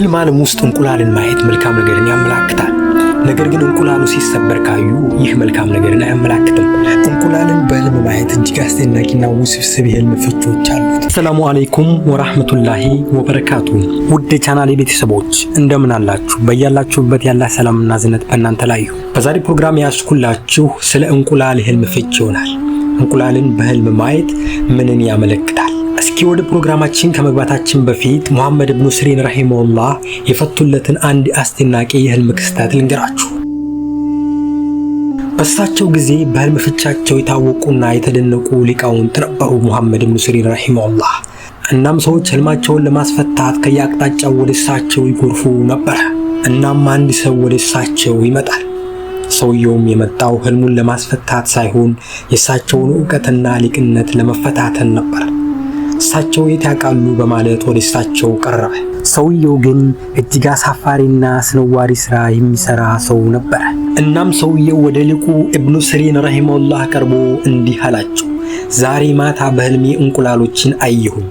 ህልም ዓለም ውስጥ እንቁላልን ማየት መልካም ነገርን ያመላክታል። ነገር ግን እንቁላሉ ሲሰበር ካዩ ይህ መልካም ነገርን አያመላክትም። እንቁላልን በህልም ማየት እጅግ አስደናቂና ውስብስብ የህልም ፍቾች አሉት። አሰላሙ አለይኩም ወራህመቱላሂ ወበረካቱ። ውድ የቻናሌ ቤተሰቦች እንደምን አላችሁ? በያላችሁበት ያለ ሰላምና ዝነት በእናንተ ላይ ይሁን። በዛሬ ፕሮግራም ያስኩላችሁ ስለ እንቁላል ህልም ፍች ይሆናል። እንቁላልን በህልም ማየት ምንን ያመለክታል? እስኪ ወደ ፕሮግራማችን ከመግባታችን በፊት ሙሐመድ እብኑ ስሪን ረሂመሁላህ የፈቱለትን አንድ አስደናቂ የህልም ክስተት ልንገራችሁ። በሳቸው ጊዜ በህልም ፍቻቸው የታወቁና የተደነቁ ሊቃውንት ነበሩ ሙሐመድ ብኑ ስሪን ረሂመሁላህ። እናም ሰዎች ህልማቸውን ለማስፈታት ከየአቅጣጫው ወደ እሳቸው ይጎርፉ ነበረ። እናም አንድ ሰው ወደ እሳቸው ይመጣል። ሰውየውም የመጣው ህልሙን ለማስፈታት ሳይሆን የእሳቸውን እውቀትና ሊቅነት ለመፈታተን ነበር። እሳቸው የት ያውቃሉ በማለት ወደ እሳቸው ቀረበ። ሰውየው ግን እጅግ አሳፋሪና አስነዋሪ ስራ የሚሰራ ሰው ነበረ። እናም ሰውየው ወደ ሊቁ ኢብኑ ሲሪን ረሂመሁላህ ቀርቦ እንዲህ አላቸው። ዛሬ ማታ በህልሜ እንቁላሎችን አየሁኝ፣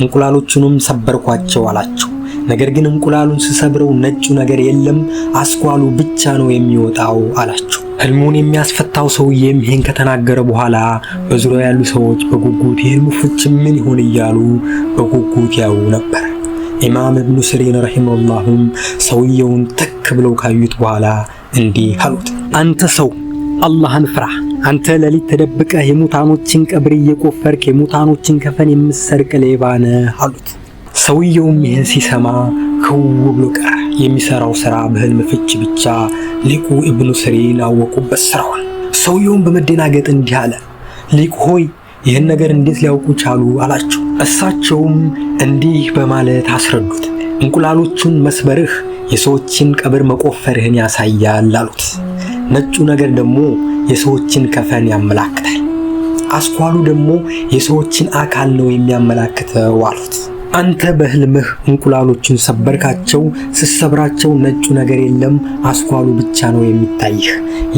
እንቁላሎቹንም ሰበርኳቸው አላቸው። ነገር ግን እንቁላሉን ስሰብረው ነጩ ነገር የለም፣ አስኳሉ ብቻ ነው የሚወጣው አላቸው። ህልሙን የሚያስፈታው ሰውዬም ይህን ከተናገረ በኋላ በዙሪያው ያሉ ሰዎች በጉጉት የህልሙ ፍች ምን ይሆን እያሉ በጉጉት ያዩ ነበር። ኢማም እብኑ ስሪን ረሂመሁላሁም ሰውየውን ትክ ብለው ካዩት በኋላ እንዲህ አሉት፣ አንተ ሰው አላህን ፍራ። አንተ ሌሊት ተደብቀህ የሙታኖችን ቀብር እየቆፈርክ የሙታኖችን ከፈን የምሰርቅ ሌባ ነህ አሉት። ሰውየውም ይህን ሲሰማ ክው ብሎ ቀረ። የሚሰራው ስራ በህልም ፍች ብቻ ሊቁ ኢብኑ ሲሪን አወቁበት ስራውን። ሰውየውን በመደናገጥ እንዲህ አለ፣ ሆይ ይህን ነገር እንዴት ሊያውቁ ቻሉ አላቸው። እሳቸውም እንዲህ በማለት አስረዱት፣ እንቁላሎቹን መስበርህ የሰዎችን ቀብር መቆፈርህን ያሳያል አሉት። ነጩ ነገር ደግሞ የሰዎችን ከፈን ያመላክታል፣ አስኳሉ ደግሞ የሰዎችን አካል ነው የሚያመላክተው አሉት። አንተ በህልምህ እንቁላሎችን ሰበርካቸው። ስትሰብራቸው ነጩ ነገር የለም አስኳሉ ብቻ ነው የሚታይህ።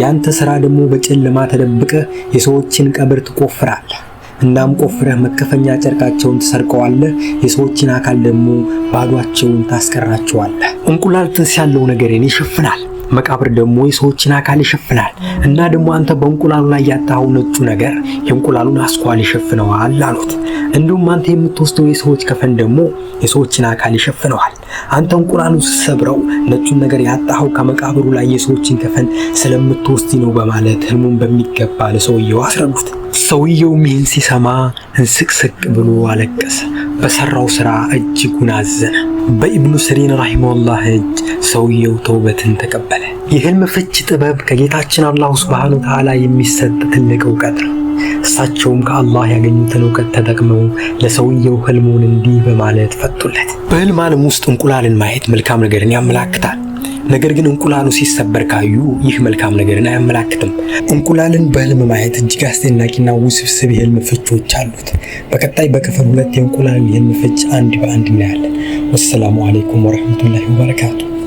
ያንተ ስራ ደግሞ በጨለማ ተደብቀህ የሰዎችን ቀብር ትቆፍራለህ። እናም ቆፍረህ መከፈኛ ጨርቃቸውን ትሰርቀዋለህ። የሰዎችን አካል ደግሞ ባዷቸውን ታስቀራቸዋለህ። እንቁላል ጥርስ ያለው ነገርን ይሸፍናል፣ መቃብር ደግሞ የሰዎችን አካል ይሸፍናል። እና ደግሞ አንተ በእንቁላሉ ላይ ያጣኸው ነጩ ነገር የእንቁላሉን አስኳል ይሸፍነዋል አሉት። እንዲሁም አንተ የምትወስደው የሰዎች ከፈን ደግሞ የሰዎችን አካል ይሸፍነዋል። አንተ እንቁላሉ ስትሰብረው ነጩን ነገር ያጣኸው ከመቃብሩ ላይ የሰዎችን ከፈን ስለምትወስድ ነው በማለት ህልሙን በሚገባ ለሰውየው አስረዱት። ሰውየውም ይህን ሲሰማ እንስቅስቅ ብሎ አለቀሰ። በሰራው ስራ እጅጉን አዘነ። በኢብኑ ስሪን ራሂመሁላህ እጅ ሰውየው ተውበትን ተቀበለ። የህልም ፍች ጥበብ ከጌታችን አላሁ ሱብሓነሁ ወተዓላ የሚሰጥ ትልቅ እውቀት ነው። እሳቸውም ከአላህ ያገኙትን እውቀት ተጠቅመው ለሰውየው ህልሙን እንዲህ በማለት ፈቱለት። በህልም ዓለም ውስጥ እንቁላልን ማየት መልካም ነገርን ያመላክታል። ነገር ግን እንቁላሉ ሲሰበር ካዩ ይህ መልካም ነገርን አያመላክትም። እንቁላልን በህልም ማየት እጅግ አስደናቂና ውስብስብ የህልም ፍቾች አሉት። በቀጣይ በክፍል ሁለት የእንቁላልን የህልም ፍች አንድ በአንድ እናያለን። ወሰላሙ አሌይኩም ወረህመቱላሂ ወበረካቱ።